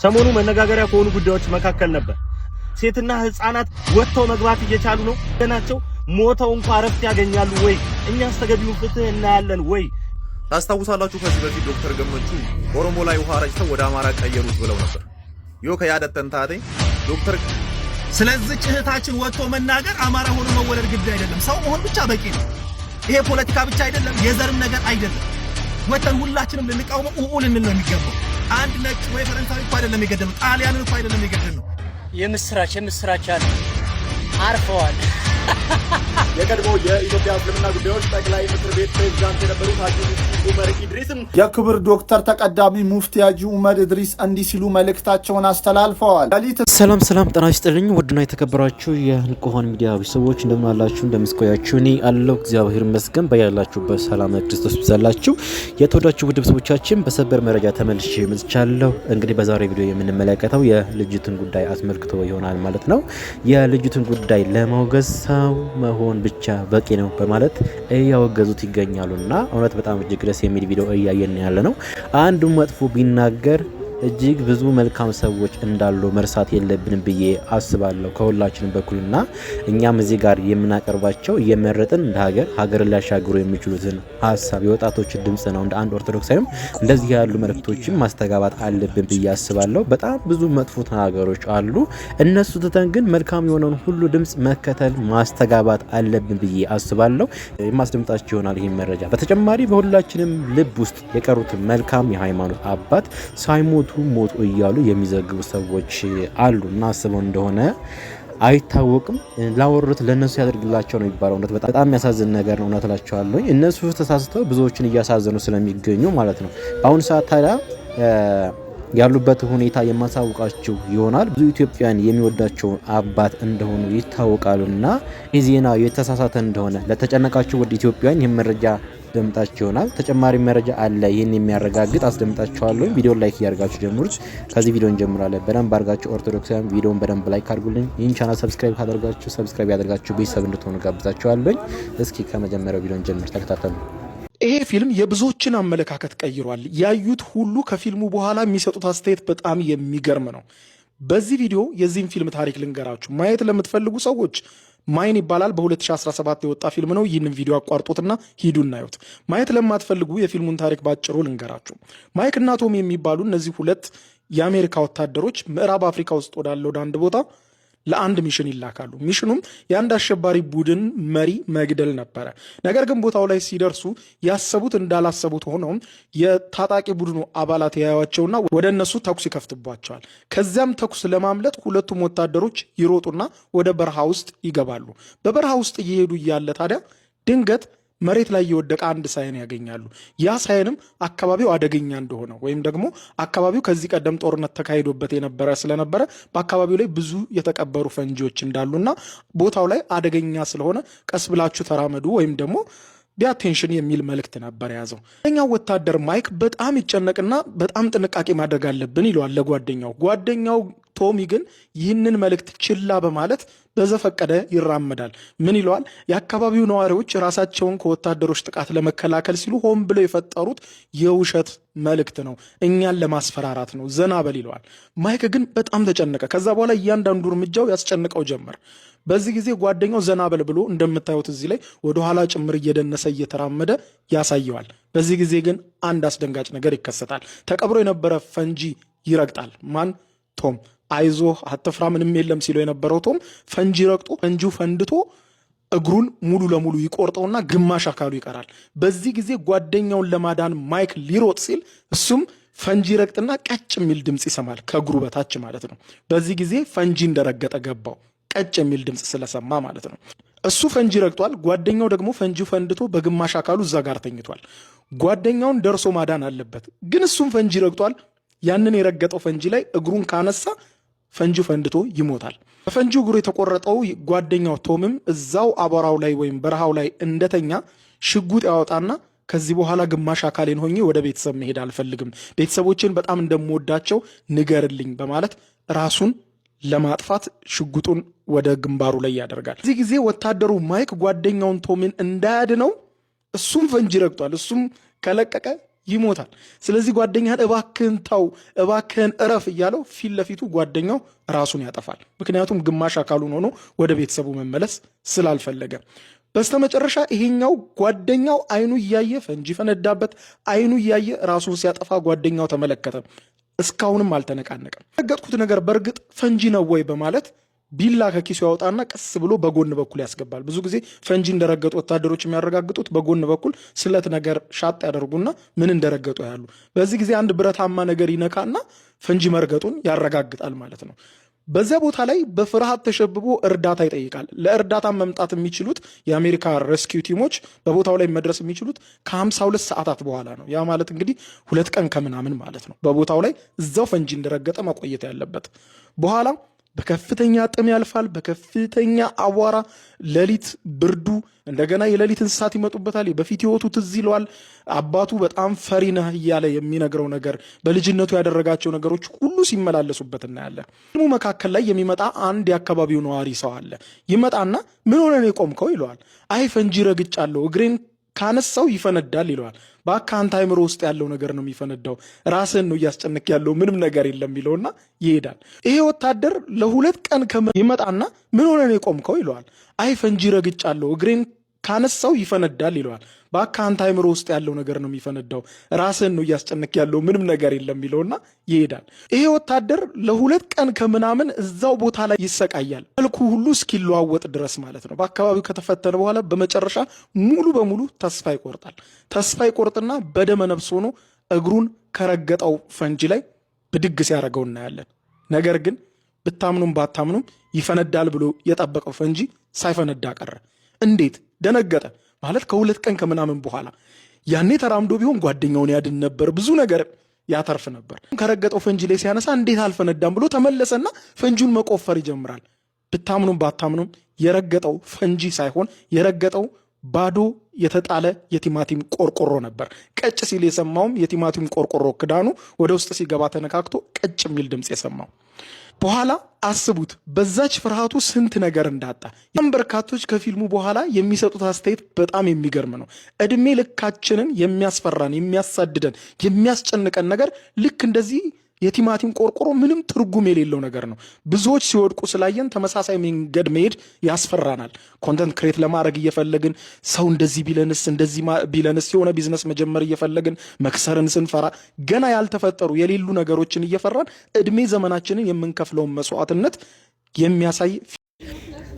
ሰሞኑ መነጋገሪያ ከሆኑ ጉዳዮች መካከል ነበር። ሴትና ህፃናት ወጥተው መግባት እየቻሉ ነው ገናቸው ሞተው እንኳ እረፍት ያገኛሉ ወይ? እኛ ተገቢውን ፍትህ እናያለን ወይ? ታስታውሳላችሁ? ከዚህ በፊት ዶክተር ገመቹ ኦሮሞ ላይ ውሃ ረጭተው ወደ አማራ ቀየሩት ብለው ነበር። ዮ ከያደተንታቴ ዶክተር ስለዚህ እህታችን ወጥቶ መናገር አማራ ሆኖ መወለድ ግድ አይደለም፣ ሰው መሆን ብቻ በቂ ነው። ይሄ ፖለቲካ ብቻ አይደለም፣ የዘርም ነገር አይደለም። ወተን ሁላችንም ልንቃውመው ኡኡ ልንል ነው የሚገባው። አንድ ነጭ ወይ ፈረንሳዊ እኮ አይደለም የገደለው፣ ጣሊያንን እኮ አይደለም የገደለው። የምስራች የምስራች አለ አርፈዋል። የቀድሞ የኢትዮጵያ እስልምና ጉዳዮች ጠቅላይ ምክር ቤት ፕሬዚዳንት የነበሩት ሀጂ ሙፍቲ ኡመር ኢድሪስም የክብር ዶክተር ተቀዳሚ ሙፍቲ ሀጂ ኡመር ኢድሪስ እንዲህ ሲሉ መልእክታቸውን አስተላልፈዋል። ሰላም ሰላም፣ ጤና ይስጥልኝ ውድና የተከበራችሁ የንቁሆን ሚዲያ ቤተሰቦች እንደምን አላችሁ? እንደምስቆያችሁ? እኔ አለሁ እግዚአብሔር ይመስገን። በያላችሁበት ሰላም ክርስቶስ ብዛላችሁ። የተወዳችሁ ውድ ቤተሰቦቻችን በሰበር መረጃ ተመልሼ መጥቻለሁ። እንግዲህ በዛሬ ቪዲዮ የምንመለከተው የልጅትን ጉዳይ አስመልክቶ ይሆናል ማለት ነው። የልጅትን ጉዳይ ለማውገዝ ሰው መሆን ብቻ በቂ ነው በማለት እያወገዙት ይገኛሉ። እና እውነት በጣም እጅግ ደስ የሚል ቪዲዮ እያየን ያለ ነው። አንዱ መጥፎ ቢናገር እጅግ ብዙ መልካም ሰዎች እንዳሉ መርሳት የለብንም ብዬ አስባለሁ። ከሁላችንም በኩልና እኛም እዚህ ጋር የምናቀርባቸው እየመረጥን እንደ ሀገር ሀገርን ሊያሻግሩ የሚችሉትን ሀሳብ የወጣቶችን ድምጽ ነው። እንደ አንድ ኦርቶዶክሳዊም እንደዚህ ያሉ መልእክቶችን ማስተጋባት አለብን ብዬ አስባለሁ። በጣም ብዙ መጥፎ ተናገሮች አሉ። እነሱ ትተን ግን መልካም የሆነውን ሁሉ ድምጽ መከተል ማስተጋባት አለብን ብዬ አስባለሁ። የማስደምጣቸው ይሆናል ይህ መረጃ። በተጨማሪ በሁላችንም ልብ ውስጥ የቀሩትን መልካም የሃይማኖት አባት ሳይሞቱ ሞቱ ሞቱ እያሉ የሚዘግቡ ሰዎች አሉ እና አስበው እንደሆነ አይታወቅም። ላወሩት ለእነሱ ያደርግላቸው ነው የሚባለው። እውነት በጣም የሚያሳዝን ነገር ነው። እውነት እላቸዋለሁኝ እነሱ ተሳስተው ብዙዎችን እያሳዘኑ ስለሚገኙ ማለት ነው። በአሁኑ ሰዓት ታዲያ ያሉበት ሁኔታ የማሳውቃችሁ ይሆናል። ብዙ ኢትዮጵያን የሚወዳቸው አባት እንደሆኑ ይታወቃሉና ይህ ዜና የተሳሳተ እንደሆነ ለተጨነቃችሁ ወደ ኢትዮጵያን ይህ መረጃ አስደምጣችሁ ይሆናል። ተጨማሪ መረጃ አለ ይህን የሚያረጋግጥ አስደምጣችኋለሁ። ቪዲዮን ላይክ እያደርጋችሁ ጀምሩት። ከዚህ ቪዲዮ እንጀምራለን። በደንብ አድርጋችሁ ኦርቶዶክሳውያን ቪዲዮን በደንብ ላይክ አድርጉልኝ። ይህን ቻናል ሰብስክራይብ ካደርጋችሁ ሰብስክራይብ ያደርጋችሁ ቤተሰብ እንድትሆኑ ጋብዛችኋለኝ። እስኪ ከመጀመሪያው ቪዲዮን ጀምር፣ ተከታተሉ። ይሄ ፊልም የብዙዎችን አመለካከት ቀይሯል። ያዩት ሁሉ ከፊልሙ በኋላ የሚሰጡት አስተያየት በጣም የሚገርም ነው። በዚህ ቪዲዮ የዚህም ፊልም ታሪክ ልንገራችሁ። ማየት ለምትፈልጉ ሰዎች ማይን ይባላል። በ2017 የወጣ ፊልም ነው። ይህንን ቪዲዮ አቋርጡትና ሂዱ እናዩት። ማየት ለማትፈልጉ የፊልሙን ታሪክ ባጭሩ ልንገራችሁ። ማይክ እና ቶም የሚባሉ እነዚህ ሁለት የአሜሪካ ወታደሮች ምዕራብ አፍሪካ ውስጥ ወዳለው ወደ አንድ ቦታ ለአንድ ሚሽን ይላካሉ። ሚሽኑም የአንድ አሸባሪ ቡድን መሪ መግደል ነበረ። ነገር ግን ቦታው ላይ ሲደርሱ ያሰቡት እንዳላሰቡት ሆነውም የታጣቂ ቡድኑ አባላት ያዩዋቸውና ወደ እነሱ ተኩስ ይከፍትባቸዋል። ከዚያም ተኩስ ለማምለጥ ሁለቱም ወታደሮች ይሮጡና ወደ በረሃ ውስጥ ይገባሉ። በበረሃ ውስጥ እየሄዱ እያለ ታዲያ ድንገት መሬት ላይ የወደቀ አንድ ሳይን ያገኛሉ። ያ ሳይንም አካባቢው አደገኛ እንደሆነ ወይም ደግሞ አካባቢው ከዚህ ቀደም ጦርነት ተካሂዶበት የነበረ ስለነበረ በአካባቢው ላይ ብዙ የተቀበሩ ፈንጂዎች እንዳሉና ቦታው ላይ አደገኛ ስለሆነ ቀስ ብላችሁ ተራመዱ ወይም ደግሞ ቢአቴንሽን የሚል መልእክት ነበር የያዘው። ኛው ወታደር ማይክ በጣም ይጨነቅና በጣም ጥንቃቄ ማድረግ አለብን ይለዋል ለጓደኛው። ጓደኛው ቶሚ ግን ይህንን መልእክት ችላ በማለት በዘፈቀደ ይራመዳል። ምን ይለዋል? የአካባቢው ነዋሪዎች ራሳቸውን ከወታደሮች ጥቃት ለመከላከል ሲሉ ሆን ብለው የፈጠሩት የውሸት መልእክት ነው፣ እኛን ለማስፈራራት ነው። ዘና በል ይለዋል። ማይክ ግን በጣም ተጨነቀ። ከዛ በኋላ እያንዳንዱ እርምጃው ያስጨንቀው ጀመር። በዚህ ጊዜ ጓደኛው ዘና በል ብሎ እንደምታዩት እዚህ ላይ ወደኋላ ጭምር እየደነሰ እየተራመደ ያሳየዋል። በዚህ ጊዜ ግን አንድ አስደንጋጭ ነገር ይከሰታል። ተቀብሮ የነበረ ፈንጂ ይረግጣል። ማን ቶም አይዞ አትፍራ ምንም የለም ሲለው የነበረው ቶም ፈንጂ ረግጦ ፈንጂ ፈንድቶ እግሩን ሙሉ ለሙሉ ይቆርጠውና ግማሽ አካሉ ይቀራል። በዚህ ጊዜ ጓደኛውን ለማዳን ማይክ ሊሮጥ ሲል እሱም ፈንጂ ረግጥና ቀጭ የሚል ድምፅ ይሰማል፣ ከእግሩ በታች ማለት ነው። በዚህ ጊዜ ፈንጂ እንደረገጠ ገባው፣ ቀጭ የሚል ድምፅ ስለሰማ ማለት ነው። እሱ ፈንጂ ረግጧል። ጓደኛው ደግሞ ፈንጂ ፈንድቶ በግማሽ አካሉ እዛ ጋር ተኝቷል። ጓደኛውን ደርሶ ማዳን አለበት፣ ግን እሱም ፈንጂ ረግጧል። ያንን የረገጠው ፈንጂ ላይ እግሩን ካነሳ ፈንጂ ፈንድቶ ይሞታል። በፈንጂ እግሩ የተቆረጠው ጓደኛው ቶምም እዛው አቧራው ላይ ወይም በረሃው ላይ እንደተኛ ሽጉጥ ያወጣና ከዚህ በኋላ ግማሽ አካሌን ሆኜ ወደ ቤተሰብ መሄድ አልፈልግም፣ ቤተሰቦችን በጣም እንደምወዳቸው ንገርልኝ በማለት ራሱን ለማጥፋት ሽጉጡን ወደ ግንባሩ ላይ ያደርጋል። እዚህ ጊዜ ወታደሩ ማይክ ጓደኛውን ቶምን እንዳያድነው እሱም ፈንጂ ረግጧል። እሱም ከለቀቀ ይሞታል። ስለዚህ ጓደኛህን እባክህን ተው፣ እባክህን እረፍ እያለው ፊት ለፊቱ ጓደኛው ራሱን ያጠፋል። ምክንያቱም ግማሽ አካሉን ሆኖ ወደ ቤተሰቡ መመለስ ስላልፈለገ በስተመጨረሻ ይሄኛው ጓደኛው አይኑ እያየ ፈንጂ ፈነዳበት። አይኑ እያየ ራሱን ሲያጠፋ ጓደኛው ተመለከተ። እስካሁንም አልተነቃነቀም። ነገጥኩት ነገር በእርግጥ ፈንጂ ነው ወይ በማለት ቢላ ከኪሱ ያወጣና ቀስ ብሎ በጎን በኩል ያስገባል። ብዙ ጊዜ ፈንጂ እንደረገጡ ወታደሮች የሚያረጋግጡት በጎን በኩል ስለት ነገር ሻጥ ያደርጉና ምን እንደረገጡ ያሉ። በዚህ ጊዜ አንድ ብረታማ ነገር ይነካና ፈንጂ መርገጡን ያረጋግጣል ማለት ነው። በዚያ ቦታ ላይ በፍርሃት ተሸብቦ እርዳታ ይጠይቃል። ለእርዳታ መምጣት የሚችሉት የአሜሪካ ሬስኪው ቲሞች በቦታው ላይ መድረስ የሚችሉት ከ52 ሰዓታት በኋላ ነው። ያ ማለት እንግዲህ ሁለት ቀን ከምናምን ማለት ነው። በቦታው ላይ እዛው ፈንጂ እንደረገጠ መቆየት ያለበት በኋላ በከፍተኛ ጥም ያልፋል። በከፍተኛ አቧራ፣ ሌሊት ብርዱ፣ እንደገና የሌሊት እንስሳት ይመጡበታል። በፊት ህይወቱ ትዝ ይለዋል። አባቱ በጣም ፈሪ ነህ እያለ የሚነግረው ነገር፣ በልጅነቱ ያደረጋቸው ነገሮች ሁሉ ሲመላለሱበት እናያለን። ህልሙ መካከል ላይ የሚመጣ አንድ የአካባቢው ነዋሪ ሰው አለ። ይመጣና ምን ሆነን የቆምከው ይለዋል። አይ ፈንጂ ረግጫለሁ እግሬን ካነሳው ይፈነዳል ይለዋል። በአካንት አይምሮ ውስጥ ያለው ነገር ነው የሚፈነዳው። ራስህን ነው እያስጨንክ ያለው ምንም ነገር የለም ይለውና ይሄዳል። ይሄ ወታደር ለሁለት ቀን ይመጣና ምን ሆነን የቆምከው ይለዋል። አይ ፈንጂ ረግጫለሁ እግሬን ካነሳው ይፈነዳል ይለዋል። በአካ አይምሮ ውስጥ ያለው ነገር ነው የሚፈነዳው፣ ራስህን ነው እያስጨንቅ ያለው ምንም ነገር የለም የሚለውና ይሄዳል። ይሄ ወታደር ለሁለት ቀን ከምናምን እዛው ቦታ ላይ ይሰቃያል፣ መልኩ ሁሉ እስኪለዋወጥ ድረስ ማለት ነው። በአካባቢው ከተፈተነ በኋላ በመጨረሻ ሙሉ በሙሉ ተስፋ ይቆርጣል። ተስፋ ይቆርጥና በደመ ነብስ ሆኖ እግሩን ከረገጠው ፈንጂ ላይ ብድግ ሲያደርገው እናያለን። ነገር ግን ብታምኑም ባታምኑም ይፈነዳል ብሎ የጠበቀው ፈንጂ ሳይፈነዳ ቀረ። እንዴት ደነገጠ። ማለት ከሁለት ቀን ከምናምን በኋላ ያኔ ተራምዶ ቢሆን ጓደኛውን ያድን ነበር፣ ብዙ ነገር ያተርፍ ነበር። ከረገጠው ፈንጂ ላይ ሲያነሳ እንዴት አልፈነዳም ብሎ ተመለሰና ፈንጂውን መቆፈር ይጀምራል። ብታምኑም ባታምኑም የረገጠው ፈንጂ ሳይሆን የረገጠው ባዶ የተጣለ የቲማቲም ቆርቆሮ ነበር። ቀጭ ሲል የሰማውም የቲማቲም ቆርቆሮ ክዳኑ ወደ ውስጥ ሲገባ ተነካክቶ ቀጭ የሚል ድምፅ የሰማው በኋላ አስቡት በዛች ፍርሃቱ ስንት ነገር እንዳጣ። ያም በርካቶች ከፊልሙ በኋላ የሚሰጡት አስተያየት በጣም የሚገርም ነው። እድሜ ልካችንን የሚያስፈራን፣ የሚያሳድደን፣ የሚያስጨንቀን ነገር ልክ እንደዚህ የቲማቲም ቆርቆሮ ምንም ትርጉም የሌለው ነገር ነው። ብዙዎች ሲወድቁ ስላየን ተመሳሳይ መንገድ መሄድ ያስፈራናል። ኮንተንት ክሬት ለማድረግ እየፈለግን ሰው እንደዚህ ቢለንስ እንደዚህ ቢለንስ የሆነ ቢዝነስ መጀመር እየፈለግን መክሰርን ስንፈራ ገና ያልተፈጠሩ የሌሉ ነገሮችን እየፈራን እድሜ ዘመናችንን የምንከፍለውን መስዋዕትነት የሚያሳይ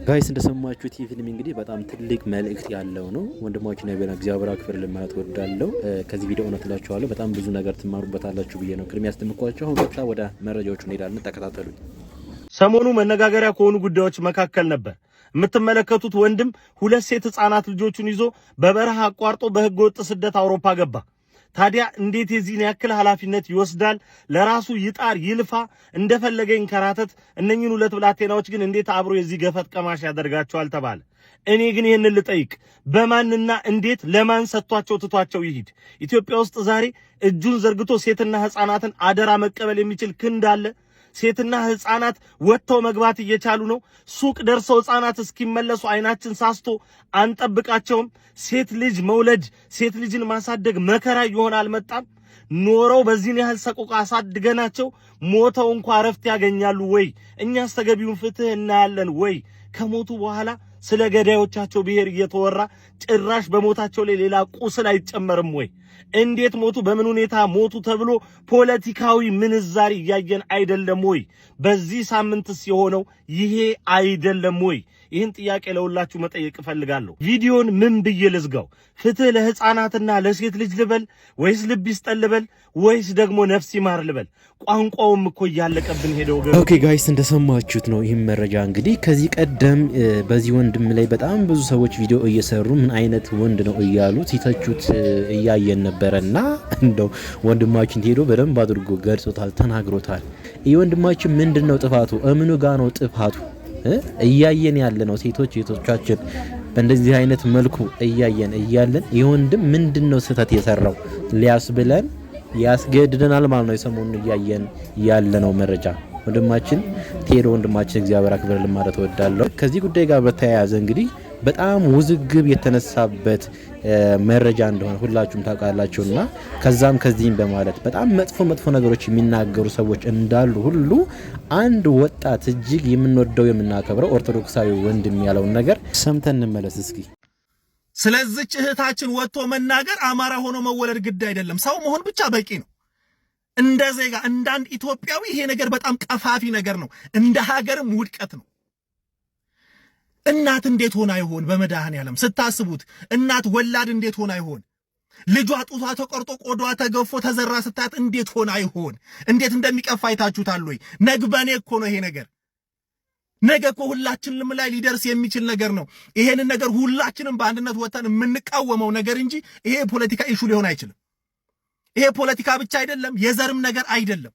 ጋይስ እንደሰማችሁት ይህ ፊልም እንግዲህ በጣም ትልቅ መልእክት ያለው ነው። ወንድማችን ያቤላ እግዚአብሔር አክብር ልማለት ወዳለው ከዚህ ቪዲዮ እውነት እላችኋለሁ በጣም ብዙ ነገር ትማሩበታላችሁ ብዬ ነው ቅድሚያ ያስደምኳቸው። አሁን ቀጥታ ወደ መረጃዎቹ እንሄዳለን። ተከታተሉኝ። ሰሞኑ መነጋገሪያ ከሆኑ ጉዳዮች መካከል ነበር የምትመለከቱት ወንድም ሁለት ሴት ህጻናት ልጆቹን ይዞ በበረሃ አቋርጦ በህገ ወጥ ስደት አውሮፓ ገባ። ታዲያ እንዴት የዚህን ያክል ኃላፊነት ይወስዳል? ለራሱ ይጣር ይልፋ፣ እንደፈለገ ይንከራተት። እነኝን ሁለት ብላቴናዎች ግን እንዴት አብሮ የዚህ ገፈት ቀማሽ ያደርጋቸዋል ተባለ። እኔ ግን ይህንን ልጠይቅ፣ በማንና እንዴት ለማን ሰጥቷቸው ትቷቸው ይሂድ? ኢትዮጵያ ውስጥ ዛሬ እጁን ዘርግቶ ሴትና ሕፃናትን አደራ መቀበል የሚችል ክንድ አለ። ሴትና ህፃናት ወጥተው መግባት እየቻሉ ነው። ሱቅ ደርሰው ህፃናት እስኪመለሱ አይናችን ሳስቶ አንጠብቃቸውም። ሴት ልጅ መውለድ፣ ሴት ልጅን ማሳደግ መከራ እየሆነ አልመጣም? ኖረው በዚህን ያህል ሰቆቃ አሳድገናቸው ሞተው እንኳ እረፍት ያገኛሉ ወይ? እኛስ ተገቢውን ፍትህ እናያለን ወይ? ከሞቱ በኋላ ስለ ገዳዮቻቸው ብሔር እየተወራ ጭራሽ በሞታቸው ላይ ሌላ ቁስል አይጨመርም ወይ? እንዴት ሞቱ፣ በምን ሁኔታ ሞቱ ተብሎ ፖለቲካዊ ምንዛሪ እያየን አይደለም ወይ? በዚህ ሳምንትስ የሆነው ይሄ አይደለም ወይ? ይህን ጥያቄ ለሁላችሁ መጠየቅ እፈልጋለሁ። ቪዲዮን ምን ብዬ ልዝጋው? ፍትህ ለህፃናትና ለሴት ልጅ ልበል ወይስ ልብ ይስጠን ልበል ወይስ ደግሞ ነፍስ ይማር ልበል? ቋንቋውም እኮ እያለቀብን ሄደው። ኦኬ ጋይስ እንደሰማችሁት ነው። ይህም መረጃ እንግዲህ ከዚህ ቀደም በዚህ ወንድም ላይ በጣም ብዙ ሰዎች ቪዲዮ እየሰሩ ምን አይነት ወንድ ነው እያሉ ሲተቹት እያየን ነበረና እንደው ወንድማችን ሄዶ በደንብ አድርጎ ገርጾታል፣ ተናግሮታል። ይህ ወንድማችን ምንድን ነው ጥፋቱ? እምኑ ጋ ነው ጥፋቱ? እያየን ያለ ነው። ሴቶች ሴቶቻችን በእንደዚህ አይነት መልኩ እያየን እያለን የወንድም ምንድነው ምንድን ነው ስህተት የሰራው ያስገድደናል ማለት ነው። የሰሞኑን እያየን ያለ ነው መረጃ ወንድማችን ቴዶ ወንድማችን እግዚአብሔር አክብረልን ማለት እወዳለሁ። ከዚህ ጉዳይ ጋር በተያያዘ እንግዲህ በጣም ውዝግብ የተነሳበት መረጃ እንደሆነ ሁላችሁም ታውቃላችሁና ከዛም ከዚህም በማለት በጣም መጥፎ መጥፎ ነገሮች የሚናገሩ ሰዎች እንዳሉ ሁሉ አንድ ወጣት እጅግ የምንወደው የምናከብረው ኦርቶዶክሳዊ ወንድም ያለውን ነገር ሰምተን እንመለስ እስኪ። ስለዚች እህታችን ወጥቶ መናገር አማራ ሆኖ መወለድ ግድ አይደለም፣ ሰው መሆን ብቻ በቂ ነው። እንደ ዜጋ እንዳንድ ኢትዮጵያዊ ይሄ ነገር በጣም ቀፋፊ ነገር ነው፣ እንደ ሀገርም ውድቀት ነው። እናት እንዴት ሆና ይሆን? በመድኃኔ ዓለም ስታስቡት እናት ወላድ እንዴት ሆና ይሆን? ልጇ ጡቷ ተቆርጦ ቆዷ ተገፎ ተዘራ ስታያት እንዴት ሆና ይሆን? እንዴት እንደሚቀፋ አይታችሁታል ወይ? ነግ በኔ እኮ ነው ይሄ ነገር። ነገ እኮ ሁላችንም ላይ ሊደርስ የሚችል ነገር ነው። ይሄንን ነገር ሁላችንም በአንድነት ወጥተን የምንቃወመው ነገር እንጂ ይሄ ፖለቲካ ኢሹ ሊሆን አይችልም። ይሄ ፖለቲካ ብቻ አይደለም፣ የዘርም ነገር አይደለም።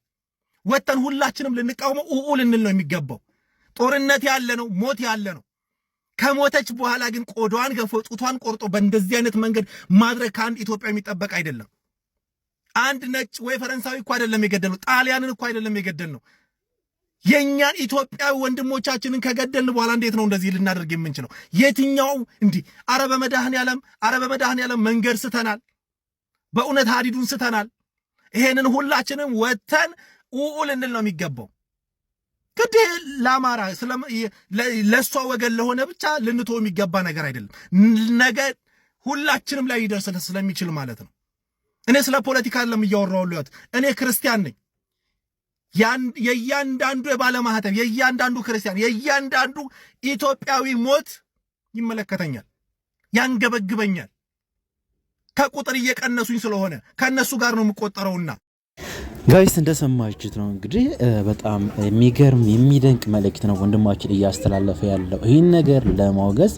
ወጥተን ሁላችንም ልንቃወመው ኡኡ ልንል ነው የሚገባው። ጦርነት ያለ ነው፣ ሞት ያለ ነው። ከሞተች በኋላ ግን ቆዳዋን ገፎ ጡቷን ቆርጦ በእንደዚህ አይነት መንገድ ማድረግ ከአንድ ኢትዮጵያ የሚጠበቅ አይደለም። አንድ ነጭ ወይ ፈረንሳዊ እኮ አይደለም የገደል ነው፣ ጣሊያንን እኮ አይደለም የገደል ነው። የእኛን ኢትዮጵያዊ ወንድሞቻችንን ከገደልን በኋላ እንዴት ነው እንደዚህ ልናደርግ የምንችለው? የትኛው እንዲህ አረ በመድኃኔ ዓለም አረ በመድኃኔ ዓለም መንገድ ስተናል፣ በእውነት ሀዲዱን ስተናል። ይሄንን ሁላችንም ወጥተን ኡኡ ልንል ነው የሚገባው። ግዴ ለአማራ ለእሷ ወገን ለሆነ ብቻ ልንቶ የሚገባ ነገር አይደለም። ነገ ሁላችንም ላይ ሊደርስ ስለሚችል ማለት ነው። እኔ ስለ ፖለቲካ ለም እያወራሁት እኔ ክርስቲያን ነኝ። የእያንዳንዱ የባለማህተብ የእያንዳንዱ ክርስቲያን የእያንዳንዱ ኢትዮጵያዊ ሞት ይመለከተኛል፣ ያንገበግበኛል። ከቁጥር እየቀነሱኝ ስለሆነ ከእነሱ ጋር ነው የምቆጠረውና ጋይስ እንደሰማችሁት ነው እንግዲህ በጣም የሚገርም የሚደንቅ መልእክት ነው ወንድማችን እያስተላለፈ ያለው። ይህን ነገር ለማውገዝ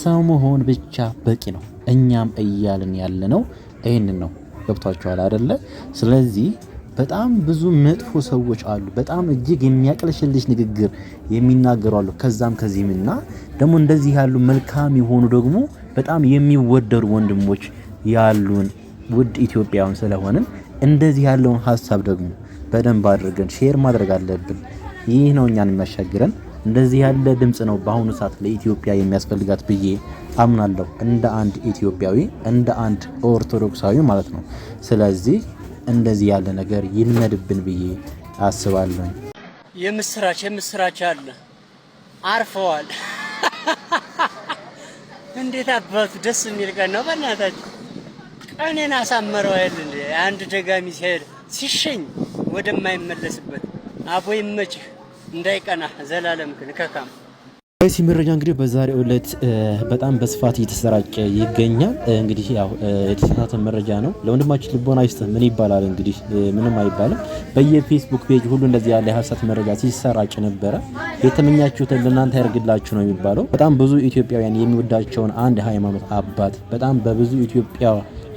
ሰው መሆን ብቻ በቂ ነው። እኛም እያልን ያለ ነው ይህንን ነው። ገብቷችኋል አደለ? ስለዚህ በጣም ብዙ መጥፎ ሰዎች አሉ። በጣም እጅግ የሚያቅለሽልሽ ንግግር የሚናገሩ አሉ። ከዛም ከዚህምና ደግሞ እንደዚህ ያሉ መልካም የሆኑ ደግሞ በጣም የሚወደዱ ወንድሞች ያሉን ውድ ኢትዮጵያውን ስለሆንን እንደዚህ ያለውን ሀሳብ ደግሞ በደንብ አድርገን ሼር ማድረግ አለብን። ይህ ነው እኛን የሚያሻግረን። እንደዚህ ያለ ድምፅ ነው በአሁኑ ሰዓት ለኢትዮጵያ የሚያስፈልጋት ብዬ አምናለሁ፣ እንደ አንድ ኢትዮጵያዊ፣ እንደ አንድ ኦርቶዶክሳዊ ማለት ነው። ስለዚህ እንደዚህ ያለ ነገር ይልመድብን ብዬ አስባለሁ። የምስራች የምስራች አለ አርፈዋል። እንዴት አባቱ ደስ የሚል ቀን ነው በእናታችሁ ቀኔን አሳመረው አይደል እንዴ? አንድ ደጋሚ ሲሄድ ሲሸኝ ወደማይመለስበት አቦ ይመችህ እንዳይቀና ዘላለም ግን ከካም ይህ መረጃ እንግዲህ በዛሬው ዕለት በጣም በስፋት እየተሰራጨ ይገኛል። እንግዲህ ያው የተሳሳተ መረጃ ነው። ለወንድማችን ልቦና ይስጥህ። ምን ይባላል እንግዲህ ምንም አይባልም። በየፌስቡክ ፔጅ ሁሉ እንደዚህ ያለ የሀሰት መረጃ ሲሰራጭ ነበረ። የተመኛችሁትን ለእናንተ ያደርግላችሁ ነው የሚባለው። በጣም ብዙ ኢትዮጵያውያን የሚወዳቸውን አንድ ሃይማኖት አባት በጣም በብዙ ኢትዮጵያ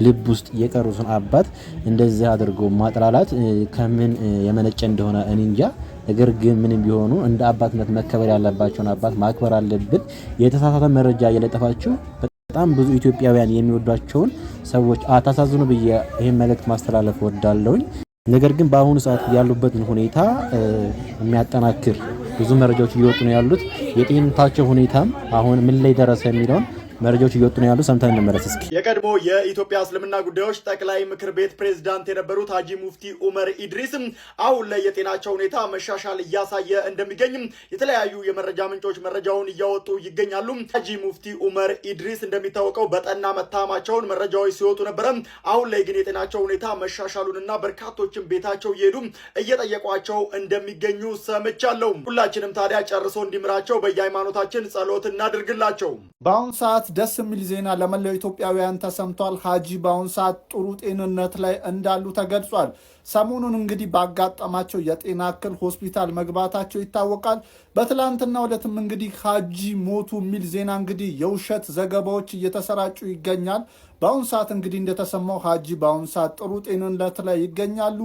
ልብ ውስጥ የቀሩትን አባት እንደዚህ አድርጎ ማጥላላት ከምን የመነጨ እንደሆነ እኔ እንጃ። ነገር ግን ምንም ቢሆኑ እንደ አባትነት መከበር ያለባቸውን አባት ማክበር አለብን። የተሳሳተ መረጃ እየለጠፋችሁ በጣም ብዙ ኢትዮጵያውያን የሚወዷቸውን ሰዎች አታሳዝኑ ብዬ ይህን መልእክት ማስተላለፍ ወዳለሁኝ። ነገር ግን በአሁኑ ሰዓት ያሉበትን ሁኔታ የሚያጠናክር ብዙ መረጃዎች እየወጡ ነው ያሉት። የጤንታቸው ሁኔታም አሁን ምን ላይ ደረሰ የሚለውን መረጃዎች እየወጡ ነው ያሉ። ሰምተን እንመለስ እስኪ። የቀድሞ የኢትዮጵያ እስልምና ጉዳዮች ጠቅላይ ምክር ቤት ፕሬዝዳንት የነበሩት ሀጂ ሙፍቲ ኡመር ኢድሪስም አሁን ላይ የጤናቸው ሁኔታ መሻሻል እያሳየ እንደሚገኝም የተለያዩ የመረጃ ምንጮች መረጃውን እያወጡ ይገኛሉ። ሀጂ ሙፍቲ ኡመር ኢድሪስ እንደሚታወቀው በጠና መታማቸውን መረጃዎች ሲወጡ ነበረ። አሁን ላይ ግን የጤናቸው ሁኔታ መሻሻሉንና በርካቶችን ቤታቸው እየሄዱ እየጠየቋቸው እንደሚገኙ ሰምቻለሁ። ሁላችንም ታዲያ ጨርሶ እንዲምራቸው በየሃይማኖታችን ጸሎት እናድርግላቸው። በአሁኑ ሰዓት ደስ የሚል ዜና ለመላው ኢትዮጵያውያን ተሰምቷል። ሀጂ በአሁኑ ሰዓት ጥሩ ጤንነት ላይ እንዳሉ ተገልጿል። ሰሞኑን እንግዲህ ባጋጠማቸው የጤና እክል ሆስፒታል መግባታቸው ይታወቃል። በትላንትና ዕለትም እንግዲህ ሀጂ ሞቱ የሚል ዜና እንግዲህ የውሸት ዘገባዎች እየተሰራጩ ይገኛል። በአሁኑ ሰዓት እንግዲህ እንደተሰማው ሀጂ በአሁኑ ሰዓት ጥሩ ጤንነት ላይ ይገኛሉ።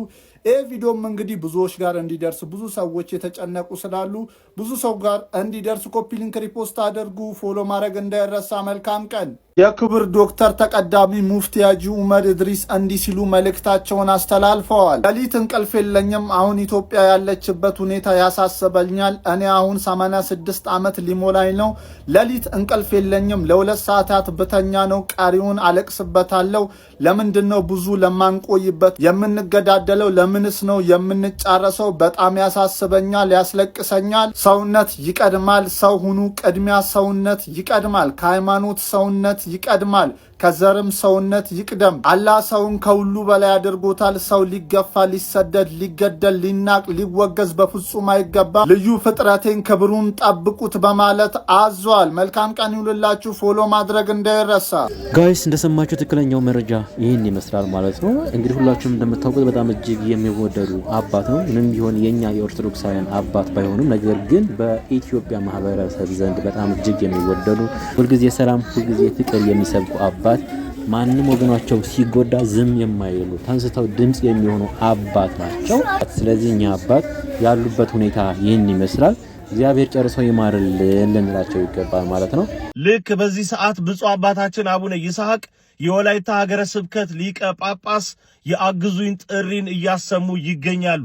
ይህ ቪዲዮም እንግዲህ ብዙዎች ጋር እንዲደርስ ብዙ ሰዎች የተጨነቁ ስላሉ ብዙ ሰው ጋር እንዲደርስ ኮፒ ሊንክ፣ ሪፖስት አድርጉ። ፎሎ ማድረግ እንዳይረሳ። መልካም ቀን። የክብር ዶክተር ተቀዳሚ ሙፍቲ ሐጂ ዑመር እንዲ እንዲህ ሲሉ መልእክታቸውን አስተላልፈዋል። ሌሊት እንቅልፍ የለኝም። አሁን ኢትዮጵያ ያለችበት ሁኔታ ያሳስበኛል። እኔ አሁን 86 ዓመት ሊሞላኝ ነው። ሌሊት እንቅልፍ የለኝም። ለሁለት ሰዓታት ብተኛ ነው ቀሪውን አለቅስበታለሁ። ለምንድን ነው ብዙ ለማንቆይበት የምንገዳደለው? ለምንስ ነው የምንጫረሰው? በጣም ያሳስበኛል፣ ያስለቅሰኛል። ሰውነት ይቀድማል። ሰው ሁኑ። ቅድሚያ ሰውነት ይቀድማል። ከሃይማኖት ሰውነት ይቀድማል። ከዘርም ሰውነት ይቅደም። አላህ ሰውን ከሁሉ በላይ አድርጎታል። ሰው ሊገፋ፣ ሊሰደድ፣ ሊገደል፣ ሊናቅ፣ ሊወገዝ በፍጹም አይገባም። ልዩ ፍጥረቴን ክብሩን ጠብቁት በማለት አዟል። መልካም ቀን ይውልላችሁ። ፎሎ ማድረግ እንዳይረሳ ጋይስ። እንደሰማችሁ ትክክለኛው መረጃ ይህን ይመስላል ማለት ነው። እንግዲህ ሁላችሁም እንደምታውቁት በጣም እጅግ የሚወደዱ አባት ነው። ምንም ቢሆን የኛ የኦርቶዶክሳውያን አባት ባይሆኑም ነገር ግን በኢትዮጵያ ማህበረሰብ ዘንድ በጣም እጅግ የሚወደዱ ሁልጊዜ ሰላም፣ ሁልጊዜ ፍቅር የሚሰብኩ አባት አባት ማንም ወገናቸው ሲጎዳ ዝም የማይሉ ተንስተው ድምፅ የሚሆኑ አባት ናቸው። ስለዚህ እኛ አባት ያሉበት ሁኔታ ይህን ይመስላል። እግዚአብሔር ጨርሶ ይማርልን ልንላቸው ይገባል ማለት ነው። ልክ በዚህ ሰዓት ብፁ አባታችን አቡነ ይስሐቅ የወላይታ ሀገረ ስብከት ሊቀ ጳጳስ የአግዙኝ ጥሪን እያሰሙ ይገኛሉ።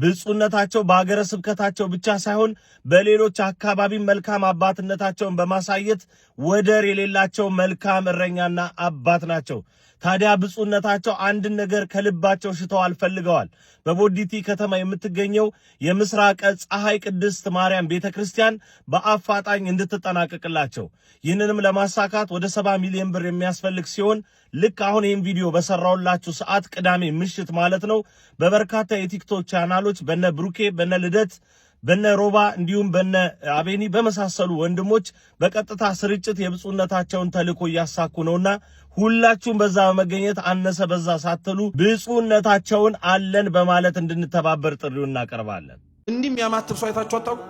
ብፁነታቸው በሀገረ ስብከታቸው ብቻ ሳይሆን በሌሎች አካባቢ መልካም አባትነታቸውን በማሳየት ወደር የሌላቸው መልካም እረኛና አባት ናቸው። ታዲያ ብፁዕነታቸው አንድን ነገር ከልባቸው ሽተዋል፣ ፈልገዋል። በቦዲቲ ከተማ የምትገኘው የምስራቀ ፀሐይ ቅድስት ማርያም ቤተ ክርስቲያን በአፋጣኝ እንድትጠናቀቅላቸው ይህንንም ለማሳካት ወደ ሰባ ሚሊዮን ብር የሚያስፈልግ ሲሆን ልክ አሁን ይህን ቪዲዮ በሰራውላችሁ ሰዓት ቅዳሜ ምሽት ማለት ነው በበርካታ የቲክቶክ ቻናሎች በነ ብሩኬ በነ ልደት በነ ሮባ እንዲሁም በነ አቤኒ በመሳሰሉ ወንድሞች በቀጥታ ስርጭት የብፁዕነታቸውን ተልእኮ እያሳኩ ነውና ሁላችሁም በዛ በመገኘት አነሰ በዛ ሳትሉ ብፁዕነታቸውን አለን በማለት እንድንተባበር ጥሪውን እናቀርባለን። እንዲህ የሚያማትብ ሰው አይታችሁ አታውቁ?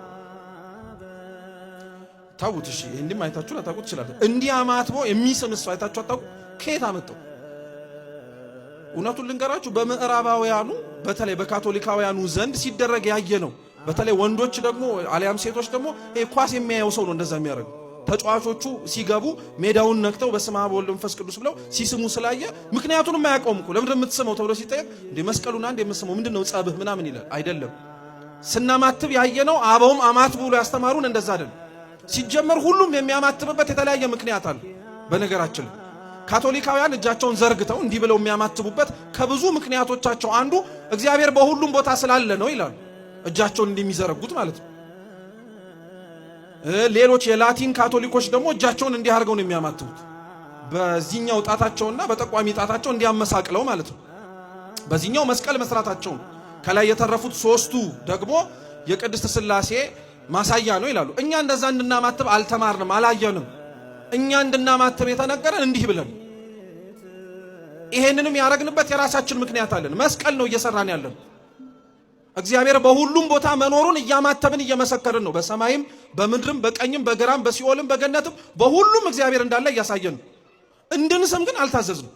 ታውት እሺ፣ እንዲህም አይታችሁ ላታውቁ ትችላለህ። እንዲህ አማትቦ የሚስም ሰው አይታችሁ አታውቁ? ከየት አመጣው? እውነቱን ልንገራችሁ፣ በምዕራባውያኑ በተለይ በካቶሊካውያኑ ዘንድ ሲደረግ ያየ ነው። በተለይ ወንዶች ደግሞ አሊያም ሴቶች ደግሞ ኳስ የሚያየው ሰው ነው እንደዛ የሚያደርገው። ተጫዋቾቹ ሲገቡ ሜዳውን ነክተው በስመ አብ ወወልድ ወመንፈስ ቅዱስ ብለው ሲስሙ ስላየ ምክንያቱንም አያውቀውም እኮ ለምንድን የምትስመው ተብሎ ሲጠየቅ እንደ መስቀሉና አንድ የምትስመው ምንድን ነው ጸብህ ምናምን ይላል። አይደለም ስናማትብ ያየነው አበውም አማት ብሎ ያስተማሩን እንደዛ አይደለም። ሲጀመር ሁሉም የሚያማትብበት የተለያየ ምክንያት አለ። በነገራችን ካቶሊካውያን እጃቸውን ዘርግተው እንዲህ ብለው የሚያማትቡበት ከብዙ ምክንያቶቻቸው አንዱ እግዚአብሔር በሁሉም ቦታ ስላለ ነው ይላሉ። እጃቸውን እንደሚዘረጉት ማለት ነው። ሌሎች የላቲን ካቶሊኮች ደግሞ እጃቸውን እንዲህ አድርገው ነው የሚያማትቡት። በዚህኛው ጣታቸውና በጠቋሚ ጣታቸው እንዲያመሳቅለው ማለት ነው። በዚህኛው መስቀል መስራታቸው ከላይ የተረፉት ሶስቱ ደግሞ የቅድስት ስላሴ ማሳያ ነው ይላሉ። እኛ እንደዛ እንድናማትብ አልተማርንም፣ አላየንም። እኛ እንድናማትብ የተነገረን እንዲህ ብለን ይሄንንም ያረግንበት የራሳችን ምክንያት አለን። መስቀል ነው እየሰራን ያለን። እግዚአብሔር በሁሉም ቦታ መኖሩን እያማተብን እየመሰከርን ነው። በሰማይም በምድርም በቀኝም በግራም በሲኦልም በገነትም በሁሉም እግዚአብሔር እንዳለ እያሳየን ነው። እንድንስም ግን አልታዘዝም።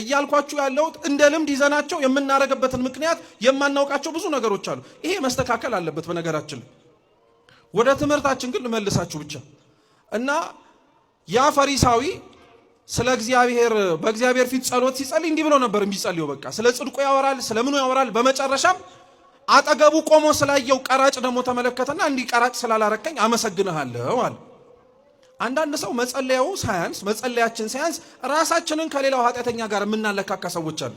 እያልኳችሁ ያለሁት እንደ ልምድ ይዘናቸው የምናደርግበትን ምክንያት የማናውቃቸው ብዙ ነገሮች አሉ። ይሄ መስተካከል አለበት። በነገራችን ወደ ትምህርታችን ግን ልመልሳችሁ ብቻ እና ያ ፈሪሳዊ ስለ እግዚአብሔር በእግዚአብሔር ፊት ጸሎት ሲጸልይ እንዲህ ብሎ ነበር የሚጸልየው። በቃ ስለ ጽድቁ ያወራል፣ ስለ ምኑ ያወራል። በመጨረሻም አጠገቡ ቆሞ ስላየው ቀራጭ ደግሞ ተመለከተና እንዲህ ቀራጭ ስላላረከኝ አመሰግንሃለሁ አለ። አንዳንድ ሰው መጸለያው ሳያንስ መጸለያችን ሳያንስ ራሳችንን ከሌላው ኃጢአተኛ ጋር የምናለካካ ሰዎች አሉ።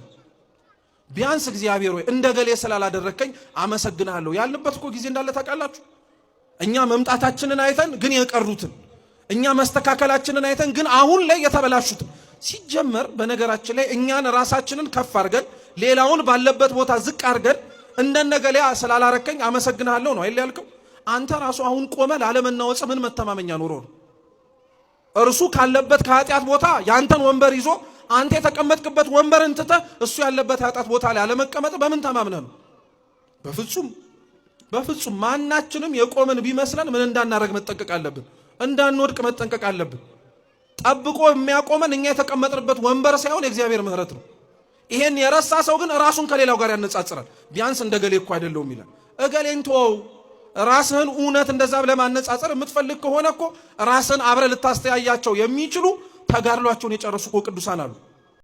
ቢያንስ እግዚአብሔር ወይ እንደ ገሌ ስላላደረከኝ አመሰግንሃለሁ ያልንበት እኮ ጊዜ እንዳለ ታውቃላችሁ። እኛ መምጣታችንን አይተን ግን የቀሩትን እኛ መስተካከላችንን አይተን ግን አሁን ላይ የተበላሹትን ሲጀመር በነገራችን ላይ እኛን ራሳችንን ከፍ አድርገን ሌላውን ባለበት ቦታ ዝቅ አድርገን እንደነገሊያ ስላላረከኝ አመሰግንሃለሁ ነው አይል ያልከው? አንተ ራሱ አሁን ቆመ ላለመናወጽ ምን መተማመኛ ኑሮ ነው? እርሱ ካለበት ከኃጢአት ቦታ ያንተን ወንበር ይዞ አንተ የተቀመጥክበት ወንበር እንትተ እሱ ያለበት ኃጢአት ቦታ ላይ አለመቀመጥ በምን ተማምነህ ነው? በፍጹም በፍጹም። ማናችንም የቆምን ቢመስለን ምን እንዳናረግ መጠንቀቅ አለብን፣ እንዳንወድቅ መጠንቀቅ አለብን። ጠብቆ የሚያቆመን እኛ የተቀመጥንበት ወንበር ሳይሆን የእግዚአብሔር ምሕረት ነው። ይሄን የረሳ ሰው ግን ራሱን ከሌላው ጋር ያነጻጽራል። ቢያንስ እንደ ገሌ እኮ አይደለውም ይላል። እገሌን ተወው። ራስህን እውነት እንደዛ ብለህ የምትፈልግ ከሆነ እኮ ራስህን አብረ ልታስተያያቸው የሚችሉ ተጋድሏቸውን የጨረሱ እኮ ቅዱሳን አሉ።